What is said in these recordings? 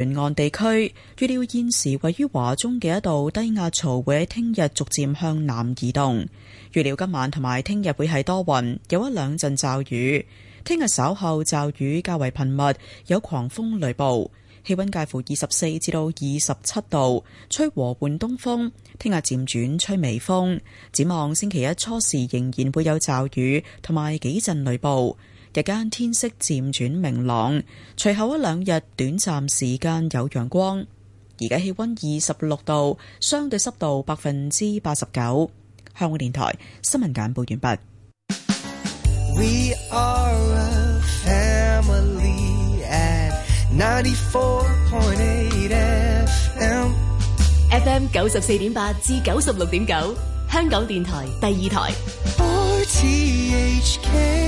沿岸地區預料現時位於華中嘅一道低壓槽會喺聽日逐漸向南移動。預料今晚同埋聽日會係多雲，有一兩陣驟雨。聽日稍後驟雨較為頻密，有狂風雷暴。氣溫介乎二十四至到二十七度，吹和緩東風。聽日漸轉吹微風。展望星期一初時仍然會有驟雨同埋幾陣雷暴。日間天色漸轉明朗，隨後一兩日短暫時間有陽光。而家氣溫二十六度，相對濕度百分之八十九。香港電台新聞簡報完畢。We are a family at 94.8 FM. F M 九十四點八至九十六點九， 9，香港電台第二台。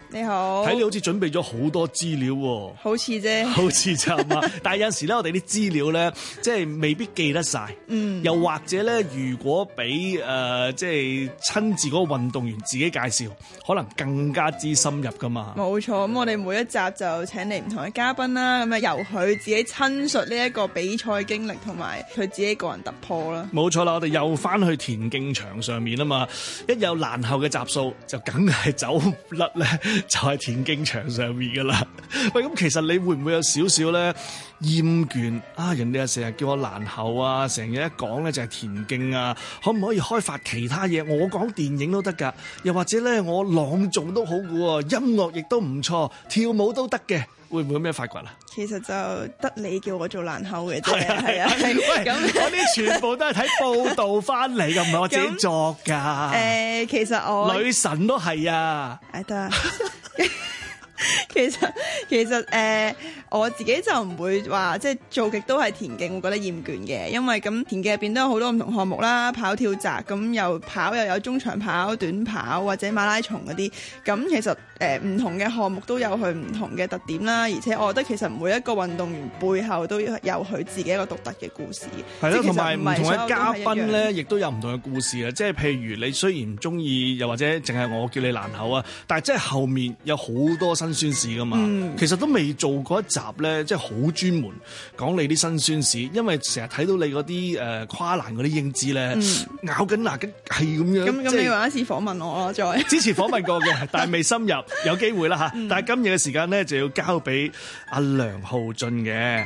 你好，睇你好似準備咗好多資料，好似啫，好似咋嘛。 但係有陣時咧，我哋啲資料咧，即係未必記得晒，嗯、又或者咧，如果俾誒、呃、即係親自嗰個運動員自己介紹，可能更加之深入噶嘛。冇錯，咁我哋每一集就請你唔同嘅嘉賓啦，咁啊由佢自己親述呢一個比賽經歷同埋佢自己個人突破啦。冇錯啦，我哋又翻去田徑場上面啊嘛，一有落後嘅集數，就梗係走甩咧。就喺田徑場上面噶啦，喂，咁其實你會唔會有少少咧厭倦啊？人哋啊成日叫我欄后啊，成日一講咧就係田徑啊，可唔可以開發其他嘢？我講電影都得噶，又或者咧我朗誦都好嘅喎、哦，音樂亦都唔錯，跳舞都得嘅。會唔會有咩發掘啦？其實就得你叫我做爛口嘅啫，係啊，係啊，咁啲全部都係睇報道翻嚟嘅，唔係 我自己作噶。誒、呃，其實我女神都係啊。誒得。 其實其實誒、呃，我自己就唔會話即係做極都係田徑，會覺得厭倦嘅。因為咁田徑入邊都有好多唔同項目啦，跑跳擲咁又跑又有中長跑、短跑，或者馬拉松嗰啲。咁其實誒唔同嘅項目都有佢唔同嘅特點啦。而且我覺得其實每一個運動員背後都有佢自己一個獨特嘅故事。係對同埋唔同嘅嘉賓咧，亦都有唔同嘅故事啊。即係譬如你雖然唔中意，又或者淨係我叫你難口啊，但係即係後面有好多新。辛酸史噶嘛，嗯、其實都未做過一集咧，即係好專門講你啲辛酸史，因為成日睇到你嗰啲誒跨欄嗰啲英姿咧，咬緊牙根係咁樣。咁咁，你唔一次訪問我咯，再 之前訪問過嘅，但係未深入，有機會啦吓。但係今日嘅時間咧，就要交俾阿梁皓進嘅。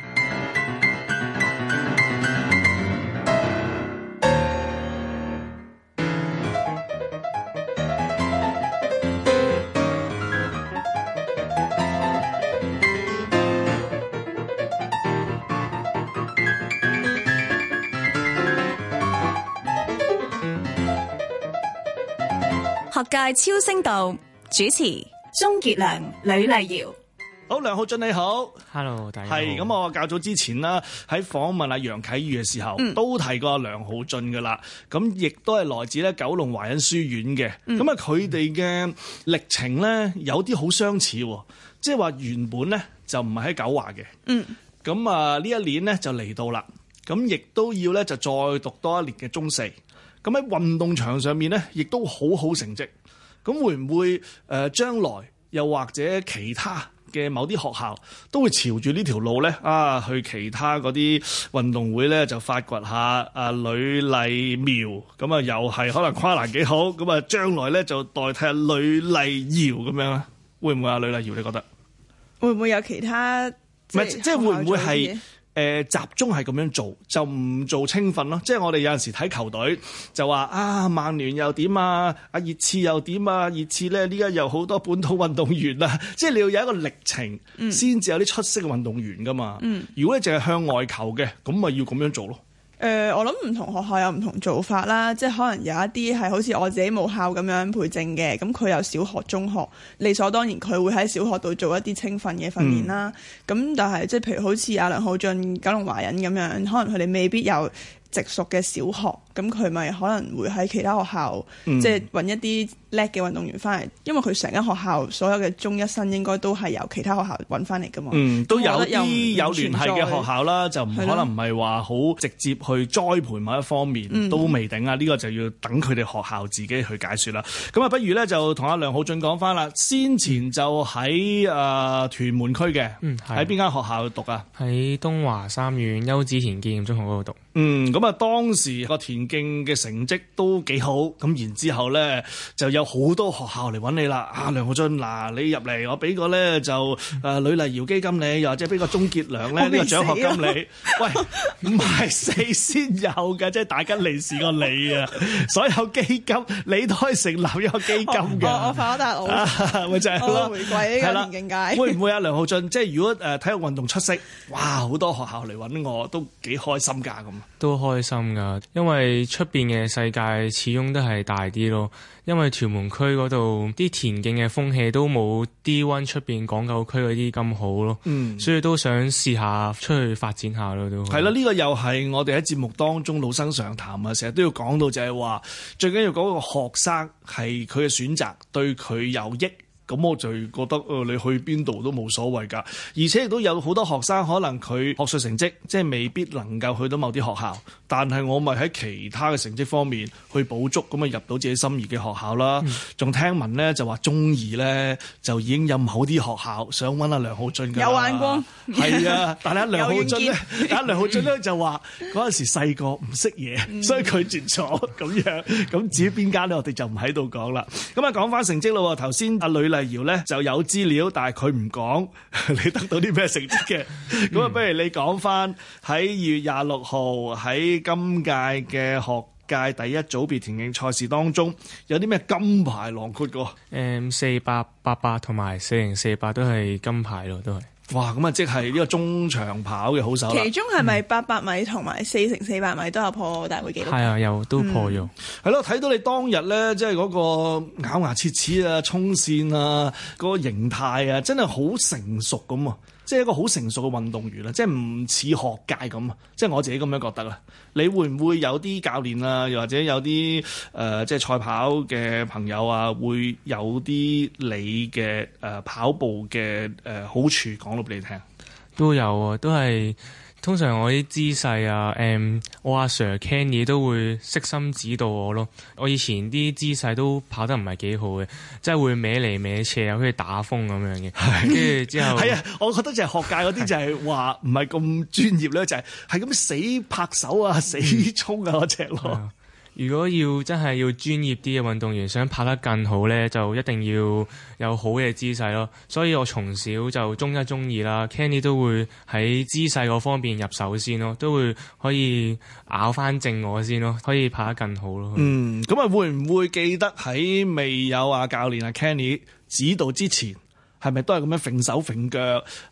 學界超聲道主持鍾傑良、呂麗瑤，好梁皓進，你好，hello，大家好。咁。我較早之前啦，喺訪問阿楊啟宇嘅時候，嗯、都提過阿梁皓進噶啦。咁亦都係來自咧九龍華仁書院嘅。咁啊、嗯，佢哋嘅歷程咧有啲好相似，即係話原本咧就唔係喺九華嘅。嗯，咁啊呢一年咧就嚟到啦，咁亦都要咧就再讀多一年嘅中四。咁喺運動場上面咧，亦都好好成績。咁會唔會誒將來又或者其他嘅某啲學校都會朝住呢條路咧啊，去其他嗰啲運動會咧就發掘下啊，呂麗苗，咁啊，又係可能跨欄幾好。咁啊，將來咧就代替呂麗瑤咁樣咧，會唔會啊？呂麗瑤，你覺得會唔會有其他？唔、就是、不即係會唔會係？誒集中係咁樣做，就唔做青訓咯。即係我哋有陣時睇球隊，就話啊，曼聯又點啊，阿熱刺又點啊，熱刺咧呢家有好多本土運動員啊。即係你要有一個歷程，先至、嗯、有啲出色嘅運動員噶嘛。嗯、如果你淨係向外求嘅，咁咪要咁樣做咯。誒、呃，我諗唔同學校有唔同做法啦，即係可能有一啲係好似我自己母校咁樣培正嘅，咁佢有小學、中學，理所當然佢會喺小學度做一啲青訓嘅訓練啦。咁、嗯、但係即係譬如好似阿梁皓進、九龍華仁咁樣，可能佢哋未必有。直屬嘅小學，咁佢咪可能會喺其他學校，嗯、即係揾一啲叻嘅運動員翻嚟，因為佢成間學校所有嘅中一生應該都係由其他學校揾翻嚟噶嘛。嗯，都有啲有聯繫嘅學校啦，嗯、就唔可能唔係話好直接去栽培某一方面、嗯、都未定啊。呢、呢個就要等佢哋學校自己去解説啦。咁啊，不如呢，就同阿梁皓進講翻啦。先前就喺誒、呃、屯門區嘅，喺邊間學校讀啊？喺東華三院邱子田紀念中學嗰度讀。嗯，咁啊，當時個田徑嘅成績都幾好，咁然之後咧就有好多學校嚟揾你啦。啊，梁皓進，嗱你入嚟，我俾個咧就誒呂麗瑤基金你，又或者俾個鍾傑良咧個獎學金你。喂，唔係四先有嘅，即係大吉利是個你啊！所有基金你都可以成立一個基金嘅。我我發達，我咪就係回歸呢個田徑界。會唔會啊，梁皓進？即係如果誒體育運動出色，哇！好多學校嚟揾我都幾開心㗎咁。都開心噶，因為出邊嘅世界始終都係大啲咯。因為屯門區嗰度啲田徑嘅風氣都冇 D1 出邊港九區嗰啲咁好咯。嗯，所以都想試下出去發展下咯。都係啦，呢、嗯嗯、個又係我哋喺節目當中老生常談啊，成日都要講到就係話，最緊要嗰個學生係佢嘅選擇，對佢有益。咁我就覺得誒你去邊度都冇所謂，㗎，而且亦都有好多學生可能佢學術成績即係未必能夠去到某啲學校，但係我咪喺其他嘅成績方面去補足，咁啊入到自己心儀嘅學校啦。仲聽聞咧就話中二咧就已經有某啲學校想揾阿梁皓進㗎有眼光，係啊！但係阿梁皓進咧，但係梁皓進咧就話陣時細個唔識嘢，所以拒絕咗咁樣咁至於邊間咧，我哋就唔喺度講啦。咁啊，講翻成績咯頭先阿呂呂。阿瑤咧就有資料，但係佢唔講， 你得到啲咩成績嘅？咁啊，不如你講返喺二月廿六號，喺今屆嘅學界第一組別田徑賽事當中，有啲咩金牌囊括嘅？m、嗯、四百八百同埋四零四百都係金牌咯，都係。哇！咁啊，即係呢個中長跑嘅好手。其中係咪八百米同埋四乘四百米都有破大會紀錄？係啊、嗯，有都破咗。係咯、嗯，睇到你當日咧，即係嗰個咬牙切齒啊、衝線啊、嗰個形態啊，真係好成熟咁啊！即係一個好成熟嘅運動員啦，即係唔似學界咁，即係我自己咁樣覺得啦。你會唔會有啲教練啊，又或者有啲誒、呃、即係賽跑嘅朋友啊，會有啲你嘅誒、呃、跑步嘅誒、呃、好處講到俾你聽？都有啊，都係。通常我啲姿勢啊，誒、嗯，我阿、啊、Sir Kenny 都會悉心指導我咯。我以前啲姿勢都跑得唔係幾好嘅，即係會歪嚟歪，歪，歪斜啊，好似打風咁樣嘅。跟住吧之後係啊，我覺得就係學界嗰啲就係話唔係咁專業咧，就係係咁死拍手啊，嗯、死衝啊，嗰隻咯。如果要真係要專業啲嘅運動員，想拍得更好呢，就一定要有好嘅姿勢咯。所以我從小就中一中二啦，Kenny 都會喺姿勢嗰方面入手先咯，都會可以拗返正我先咯，可以拍得更好咯。嗯，咁啊，會唔會記得喺未有啊教練啊 Kenny 指導之前，係咪都係咁樣揈手揈腳，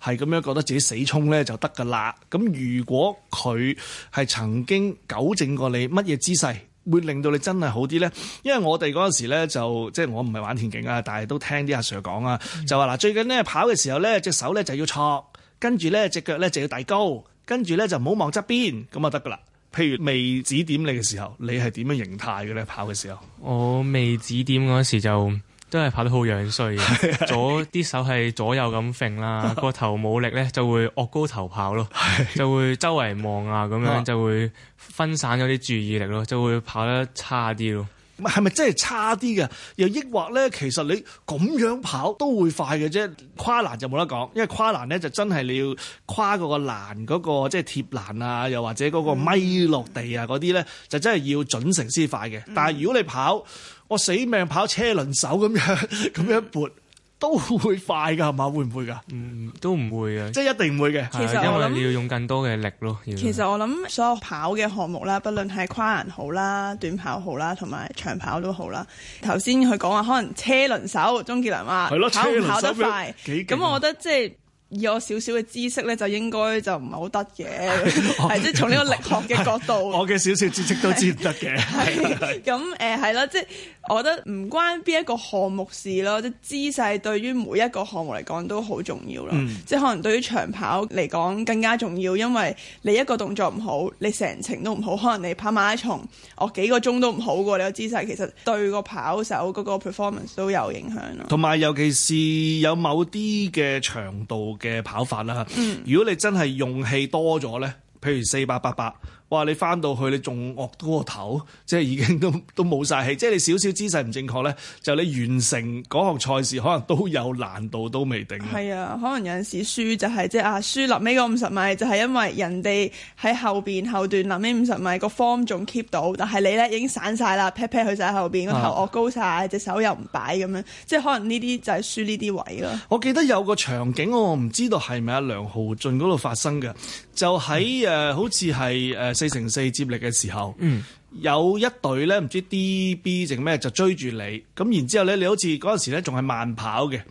係咁樣覺得自己死衝呢就得㗎啦？咁如果佢係曾經糾正過你乜嘢姿勢？會令到你真係好啲咧，因為我哋嗰陣時咧就即係、就是、我唔係玩田徑啊，但係都聽啲阿 Sir 講啊，就話嗱最近咧跑嘅時候咧隻手咧就要託，跟住咧隻腳咧就要遞高，跟住咧就唔好望側邊，咁啊得噶啦。譬如未指點你嘅時候，你係點樣形態嘅咧跑嘅時候？我未指點嗰陣時就。真係跑得好樣衰嘅， 左啲手係左右咁揈啦，個 頭冇力咧就會惡高頭跑咯， 就會周圍望啊咁樣就會分散咗啲注意力咯， 就會跑得差啲咯。唔係咪真係差啲嘅？又抑或咧，其實你咁樣跑都會快嘅啫。跨欄就冇得講，因為跨欄咧就真係你要跨過個欄嗰個即係貼欄啊，又或者嗰個咪落地啊嗰啲咧，就真係要準成先快嘅。但係如果你跑， 我死命跑，車輪手咁樣咁樣撥都會快噶係嘛？會唔會㗎？嗯，都唔會啊！即係一定唔會嘅。其實我諗因為你要用更多嘅力咯。其實我諗所有的跑嘅項目啦，不論係跨欄好啦、短跑好啦、同埋長跑都好啦。頭先佢講話可能車輪手，鍾傑良話係咯，跑唔跑得快？咁我覺得即係。以我少少嘅知識咧，就應該就唔係好得嘅，係即係從呢個力學嘅角度。 我嘅少少知識都知唔得嘅。係咁誒，係是啦，即係。 呃，即係我覺得唔關邊一個項目事咯，即姿勢對於每一個項目嚟講都好重要啦。嗯、即可能對於長跑嚟講更加重要，因為你一個動作唔好，你成程都唔好。可能你跑馬拉松，我幾個鐘都唔好過你個姿勢，其實對個跑手嗰個 performance 都有影響咯。同埋尤其是有某啲嘅長度嘅跑法啦，嗯、如果你真係用氣多咗呢，譬如四百八百。哇你翻到去你仲惡高個頭，即係已經都都冇晒氣。即係你少少姿勢唔正確咧，就你完成嗰項賽事可能都有難度都未定。係啊，可能有陣時輸就係即係啊，輸臨尾嗰五十米就係、是、因為人哋喺後邊後段臨尾五十米個 form 仲 keep 到，但係你咧已經散晒啦，pat pat 佢曬後邊個、啊、頭惡高晒，隻手又唔擺咁樣，即係可能呢啲就係輸呢啲位咯。我記得有個場景我唔知道係咪阿梁皓進嗰度發生嘅，就喺、是、誒、呃、好似係誒。呃呃呃呃呃四乘四接力嘅時候，有一隊咧唔知 DB 定咩就追住你，咁然之後咧你好似嗰陣時咧仲係慢跑嘅，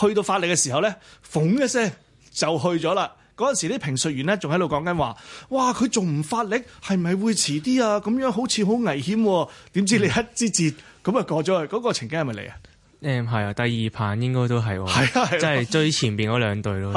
去到發力嘅時候咧，逢一聲就去咗啦。嗰陣時啲評述員咧仲喺度講緊話，哇，佢仲唔發力，係咪會遲啲啊？咁樣好似好危險。點知你一接接咁啊過咗去？嗰個情景係咪你啊？誒，係啊，第二棒應該都係，係即係追前邊嗰兩隊咯。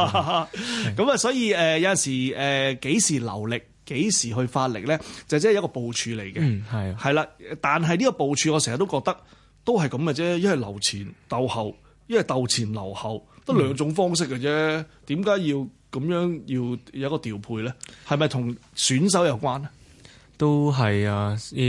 咁啊，所以誒有陣時誒幾時流力？幾時去發力呢？就即、是、係一個部署嚟嘅，係啦、嗯。但係呢個部署，我成日都覺得都係咁嘅啫。一係留前鬥後，一係鬥前留後，得兩種方式嘅啫。點解、嗯、要咁樣要有一個調配呢？係咪同選手有關呢？都係啊！要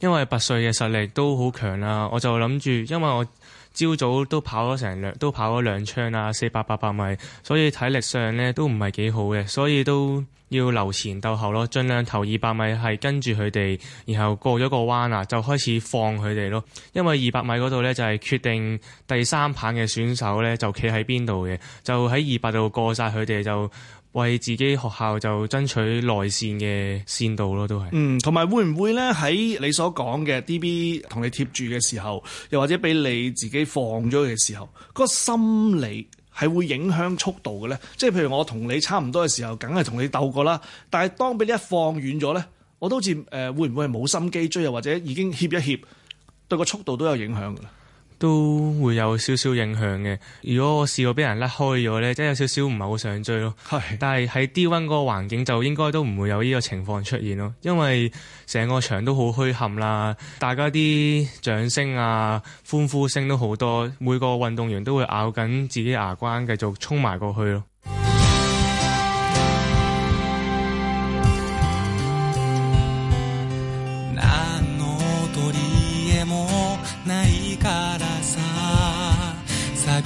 因為拔萃嘅實力都好強啦、啊，我就諗住，因為我朝早都跑咗成兩都跑咗兩槍啦、啊，四百八百米，所以體力上呢都唔係幾好嘅，所以都。要留前鬥後咯，盡量投二百米係跟住佢哋，然後過咗個彎啊，就開始放佢哋咯。因為二百米嗰度呢，就係決定第三棒嘅選手呢，就企喺邊度嘅，就喺二百度過晒佢哋，就為自己學校就爭取內線嘅線道咯，都係。嗯，同埋會唔會呢？喺你所講嘅 DB 同你貼住嘅時候，又或者俾你自己放咗嘅時候，個心理。係會影響速度嘅咧，即係譬如我同你差唔多嘅時候，梗係同你鬥過啦。但係當俾你一放遠咗咧，我都好似誒、呃、會唔會係冇心機追，又或者已經怯一怯，對個速度都有影響㗎啦。都會有少少影響嘅。如果我試過俾人甩開咗呢，真係有少少唔係好想追咯。 但係喺低溫嗰個環境就應該都唔會有呢個情況出現咯，因為成個場都好墟冚啦，大家啲掌聲啊、歡呼聲都好多，每個運動員都會咬緊自己牙關繼續衝埋過去咯。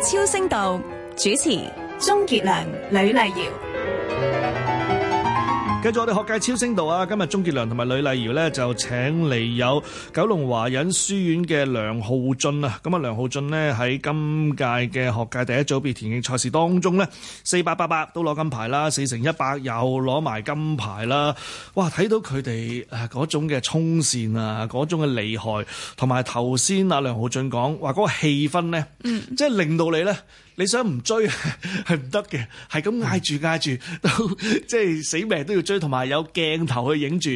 超聲道主持：鍾傑良、呂麗瑤。繼續我哋學界超聲度啊！今日鍾傑良同埋呂麗瑤咧就請嚟有九龍華仁書院嘅梁皓進啊！咁啊，梁皓進呢，喺今屆嘅學界第一組別田徑賽事當中咧，四百八百都攞金牌啦，四乘一百又攞埋金牌啦！哇，睇到佢哋誒嗰種嘅衝線啊，嗰種嘅厲害，同埋頭先啊，梁皓進講話嗰個氣氛咧，嗯，即係令到你咧。你想唔追係唔得嘅，係咁嗌住嗌住，都即係死命都要追，同埋有鏡頭去影住，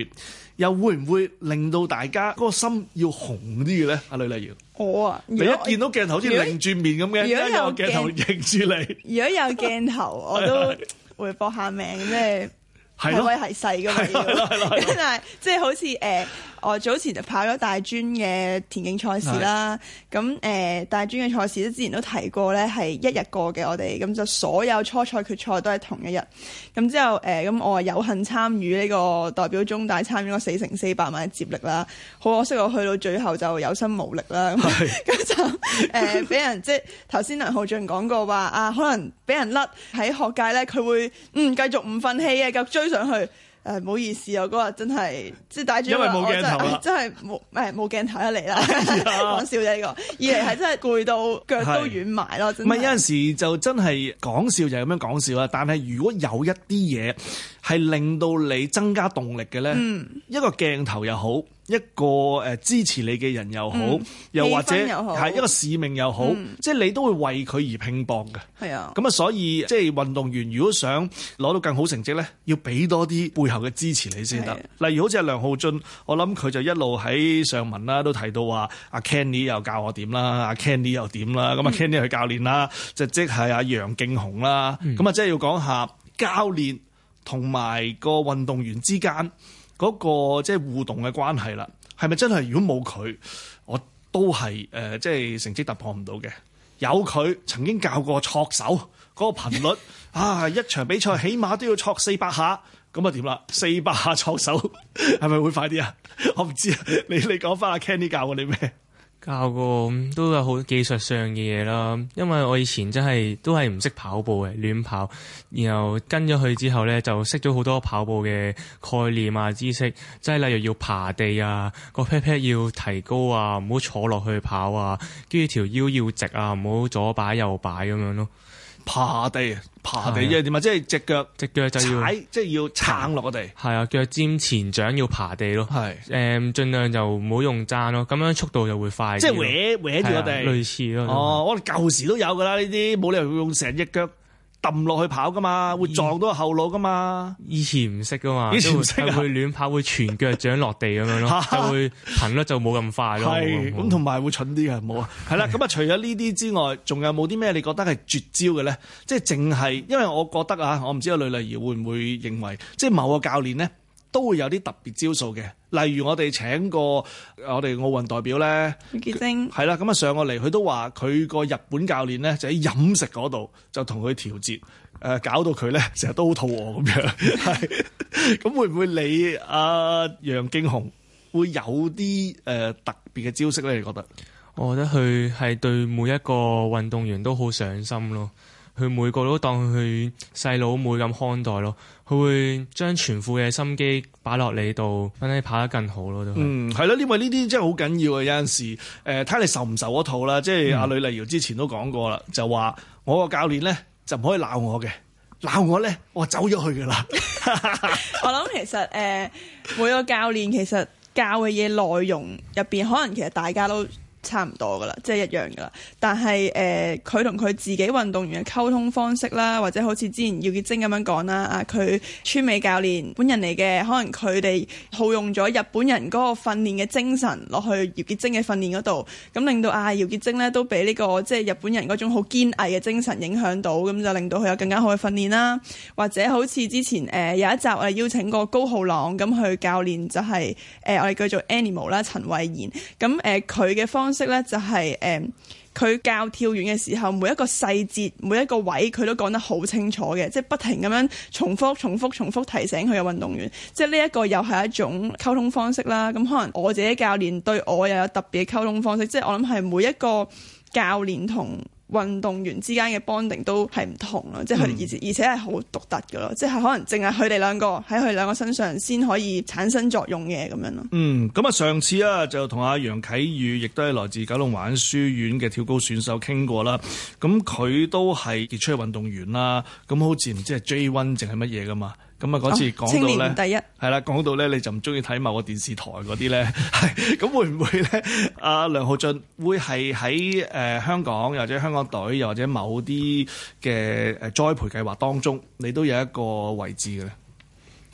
又會唔會令到大家嗰個心要紅啲嘅咧？阿呂麗瑤，我啊，你一見到鏡頭好似擰住面咁嘅，如果有鏡頭影住你，如果有鏡頭我都會搏下命咧，係威係勢㗎嘛，但係即係好似誒。我早前就跑咗大專嘅田徑賽事啦，咁誒的、呃、大專嘅賽事之前都提過，呢係一日過嘅我哋，咁就所有初賽決賽都喺同一日。咁之後誒，咁、呃、我有幸參與呢個代表中大參與個四乘四百米接力啦。好可惜我去到最後就有心無力啦，咁就誒俾人，即係頭先梁皓進講過話啊，可能俾人甩喺學界呢，佢會嗯繼續唔忿氣嘅，繼續追上去。誒，呃、唔好意思啊！嗰日真係即係戴住，因為冇鏡頭，真係冇咩冇鏡頭嚟啦。講、哎、呀笑啫呢、這個，二嚟係真係攰到腳都軟埋咯。唔係是的有陣時就真係講笑就係咁樣講笑啦。但係如果有一啲嘢係令到你增加動力嘅咧，嗯、一個鏡頭又好。一個誒支持你嘅人又好，嗯、又或者係一個使命又好，嗯、即係你都會為佢而拼搏嘅。係啊，嗯，咁啊，所以即係運動員如果想攞到更好成績咧，要俾多啲背後嘅支持你先得。嗯、例如好似阿梁皓進，我諗佢就一路喺上文啦都提到話，阿、啊、Kenny 又教我點啦，阿、嗯啊、Kenny 又點啦，咁、嗯、啊 Kenny 佢教練啦，即係即係阿楊敬雄啦，咁啊、嗯、即係要講下教練同埋個運動員之間嗰個即係互動嘅關係啦，係咪真係如果冇佢，我都係誒、呃、即係成績突破唔到嘅？有佢曾經教過搓手嗰、那個頻率啊，一場比賽起碼都要搓四百下，咁啊點啦？四百下搓手係咪 會快啲啊？ 我唔知啊 你，你你講翻阿 Candy 教過你咩？教過都有好技術上嘅嘢啦，因為我以前真係都係唔識跑步嘅亂跑，然後跟咗去之後呢，就識咗好多跑步嘅概念啊、知識，即係例如要爬地啊，個 pat pat 要提高啊，唔好坐落去跑啊，跟住條腰要直啊，唔好左擺右擺咁樣咯。爬地，爬地的即係點啊？即係隻腳，隻腳就要，即係要撐落個地。係啊，腳尖前掌要爬地咯。係的，誒、嗯，盡量就唔好用踭咯，咁樣速度就會快。即係歪搲住個地，類似咯。哦，的我哋舊時都有噶啦，呢啲冇理由用成隻腳。揼落去跑噶嘛，會撞到後腦噶嘛。以前唔識噶嘛，以前唔識啊，會亂跑，會全腳掌落地咁樣咯， 就會頻率就冇咁快咯。係 是，咁同埋會蠢啲嘅，冇啊。係啦，咁啊，除咗呢啲之外，仲有冇啲咩你覺得係絕招嘅咧？即係淨係，因為我覺得啊，我唔知阿呂麗瑤會唔會認為，即係某個教練咧。都會有啲特別招數嘅，例如我哋請過我哋奧運代表咧，吳結晶，係 啦樂，咁啊上個嚟佢都話佢個日本教練咧，就喺飲食嗰度就同佢調節，誒、呃、搞到佢咧成日都好肚餓咁樣，係，咁 會唔會你阿、啊、楊敬雄會有啲誒、呃、特別嘅招式咧？你覺得？我覺得佢係對每一個運動員都好上心咯。佢每個都當佢細佬妹咁看待咯，佢會將全副嘅心機擺落你度，等你跑得更好咯都、就是嗯。嗯，係咯，因為呢啲真係好緊要呀，有陣時誒睇、呃、你受唔受嗰套啦。即係阿呂麗瑤之前都講過啦，就話我個教練咧就唔可以鬧我嘅，鬧我咧我走咗去㗎啦。 我諗其實誒、呃、每個教練其實教嘅嘢內容入邊，可能其實大家都。差唔多噶啦，即係一樣噶啦。但係誒，佢同佢自己運動員嘅溝通方式啦，或者好似之前姚潔貞咁樣講啦，啊佢村美教練本人嚟嘅，可能佢哋套用咗日本人嗰個訓練嘅精神落去姚潔貞嘅訓練嗰度，咁令到啊姚潔貞呢都俾呢、呢個即係日本人嗰種好堅毅嘅精神影響到，咁就令到佢有更加好嘅訓練啦。或者好似之前誒、呃、有一集我哋邀請過高浩朗咁去教練、就係，就係誒我哋叫做 Animal 啦，陳慧妍咁誒佢嘅方。方式咧就係、是、誒，佢、嗯、教跳遠嘅時候，每一個細節，每一個位，佢都講得好清楚嘅，即係不停咁樣重複、重複、重複提醒佢嘅運動員。即係呢一個又係一種溝通方式啦。咁可能我自己教練對我又有特別嘅溝通方式。即係我諗係每一個教練同。運動員之間嘅 bonding 都係唔同咯，即係佢而而且係好獨特嘅咯，即係可能淨係佢哋兩個喺佢哋兩個身上先可以產生作用嘅咁樣咯。嗯，咁啊上次啊就同阿楊啟宇，亦都係來自九龍華仁書院嘅跳高選手傾過啦。咁佢都係傑出嘅運動員啦。咁好似唔知係 J One 淨係乜嘢噶嘛？咁啊！嗰次講到咧，第一，係啦，講到咧，你就唔中意睇某個電視台嗰啲咧，咁 會唔會咧？阿梁皓進會係喺誒香港，或者香港隊，又或者某啲嘅誒栽培計劃當中，你都有一個位置嘅咧。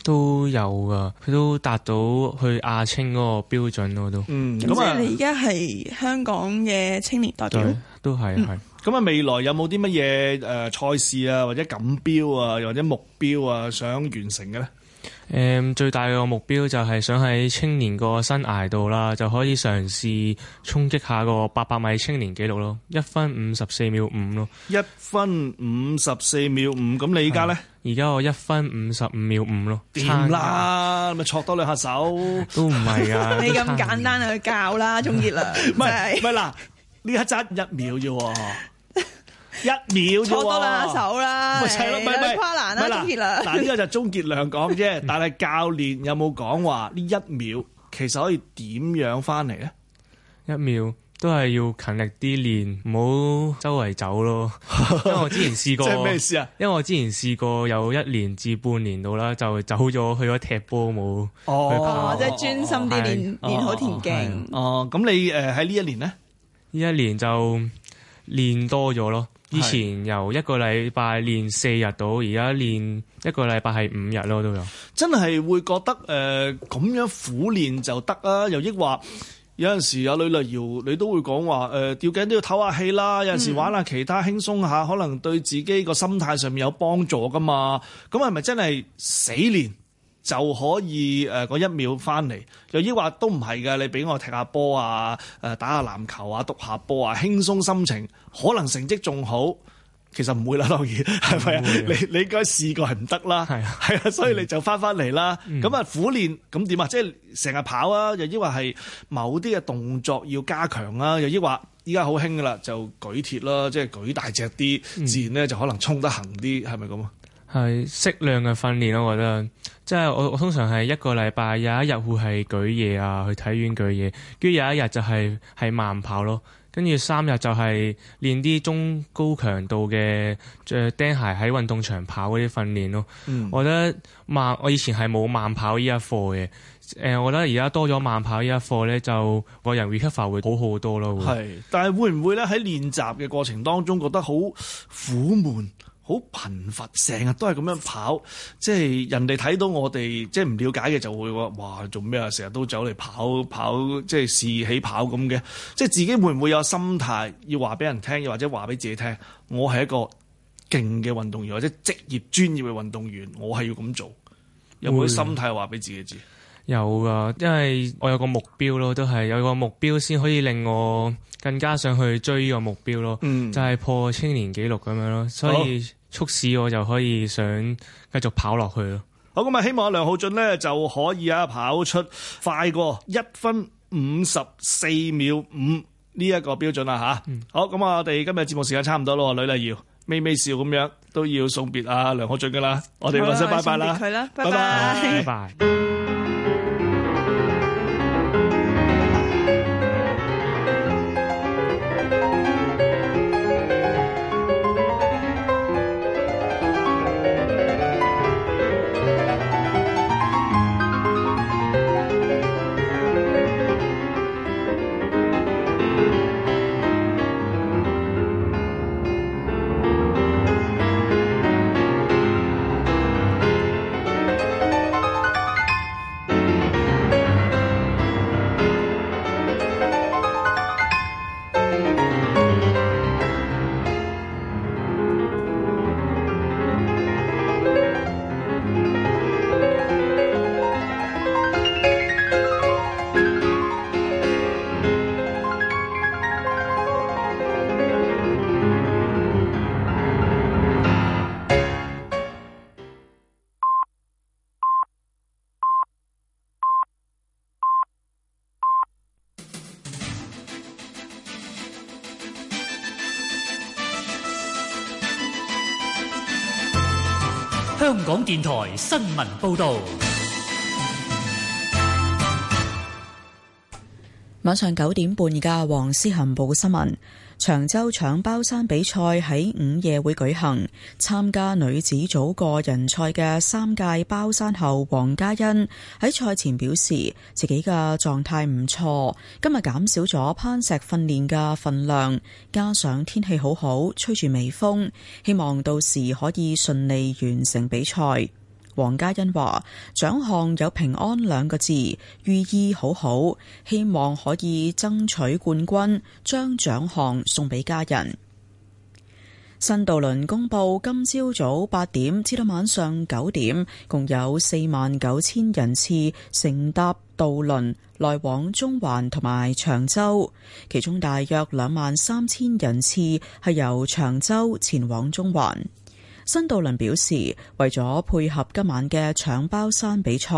都有㗎，佢都達到去亞青嗰個標準囉都。嗯，咁即係你而家係香港嘅青年代表，都係係。咁啊、嗯，是未來有冇啲乜嘢誒賽事啊，或者錦標啊，或者目標啊，想完成嘅咧？誒，最大嘅目標就係想喺青年個生涯度啦，就可以嘗試衝擊下個八百米青年紀錄咯，一分五十四秒五咯。一分五十四秒五，咁你而家咧？而家我一分五十五秒五咯。掂啦，咪戳距多兩下手都唔係啊。 你咁簡單就去教 啦，鍾傑良。唔係唔係嗱，呢一質一秒啫。一秒啫，多啦！手啦。係唔係唔跨欄啦，鍾傑良。嗱呢個就鍾傑良講啫，但係教練有冇講話呢一秒其實可以點樣翻嚟咧？一秒都係要勤力啲練，唔好周圍走咯。因為我之前試過，即係咩事啊？因為我之前試過有一年至半年到啦，就走咗去咗踢波冇。哦，即係專心啲練練好田徑。哦，咁你誒喺呢一年咧？呢一年就。練多咗咯，以前由一個禮拜練四日到，而家練一個禮拜係五日咯都有。真係會覺得誒咁、呃、樣苦練就得啊？又抑或有陣時阿呂麗瑤你都會講話誒吊頸都要唞、呃、下氣啦，有陣時玩下其他輕鬆下，可能對自己個心態上面有幫助噶嘛？咁係咪真係死練？就可以誒、呃、一秒翻嚟，又抑或都唔係嘅，你俾我踢下波啊，誒、呃、打下籃球啊，篤下波啊，輕鬆心情，可能成績仲好，其實唔會啦，當然係咪啊？你你應該試過係唔得啦，係啊，係啊，所以你就翻翻嚟啦。咁啊、嗯、苦練咁點啊，即係成日跑啊，又抑或係某啲嘅動作要加強啊，又抑或依家好興噶啦，就舉鐵啦，即係舉大隻啲，嗯、自然咧就可能衝得行啲，係咪咁啊？係適量嘅訓練咯，我覺得，即係我我通常係一個禮拜有一日會係舉嘢啊，去體院舉嘢，跟住有一日就係、係、係慢跑咯，跟住三日就係練啲中高強度嘅，着釘鞋喺運動場跑嗰啲訓練咯。我覺得慢我以前係冇慢跑呢一課嘅，誒，我覺得而家多咗慢跑呢一課呢，就個人 recover 會好好多咯。係，但係會唔會呢？喺練習嘅過程當中覺得好苦悶？好頻繁成日都係咁樣跑，即係人哋睇到我哋，即係唔了解嘅就會話，哇，做咩啊？成日都走嚟跑跑，即係試起跑咁嘅。即係自己會唔會有心態要話俾人聽，又或者話俾自己聽？我係一個勁嘅運動員，或者職業專業嘅運動員，我係要咁做。有冇啲心態話俾自己知？有㗎，因為我有個目標咯，都係有個目標先可以令我更加想去追呢個目標咯。嗯，就係破青年紀錄咁樣咯，所以。促使我就可以想繼續跑落去咯。好，咁啊，希望梁皓進咧就可以啊跑出快過一分五十四秒五呢一個標準啦吓。嗯、好，咁啊，我哋今日節目時間差唔多咯。呂麗瑤微微笑咁樣都要送別阿梁皓進噶啦。吧我哋問聲拜拜啦，拜拜。電台新聞報道。晚上九點半，而家黃思恒報嘅新聞。長洲搶包山比賽喺午夜會舉行，參加女子組個人賽嘅三屆包山后王嘉欣喺賽前表示，自己嘅狀態唔錯，今日減少咗攀石訓練嘅份量，加上天氣好好，吹住微風，希望到時可以順利完成比賽。王嘉欣話：獎項有平安兩個字，寓意好好，希望可以爭取冠軍，將獎項送俾家人。新渡輪公布今朝早八點至到晚上九點，共有四萬九千人次乘搭渡輪來往中環同埋長洲，其中大約兩萬三千人次係由長洲前往中環。新渡輪表示，為咗配合今晚嘅搶包山比賽，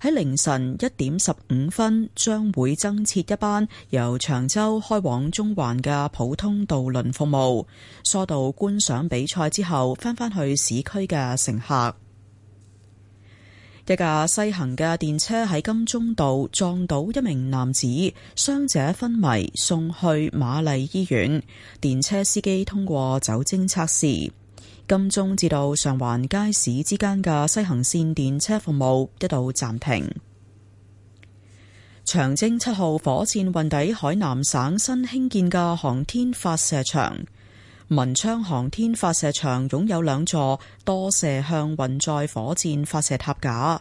喺凌晨一點十五分將會增設一班由長洲開往中環嘅普通渡輪服務，疏導觀賞比賽之後翻返去市區嘅乘客。一架西行嘅電車喺金鐘道撞到一名男子，傷者昏迷，送去瑪麗醫院。電車司機通過酒精測試。金鐘至到上環街市之間嘅西行線電車服務一度暫停。長征七號火箭運抵海南省新興建嘅航天發射場——文昌航天發射場，擁有兩座多射向運載火箭發射塔架。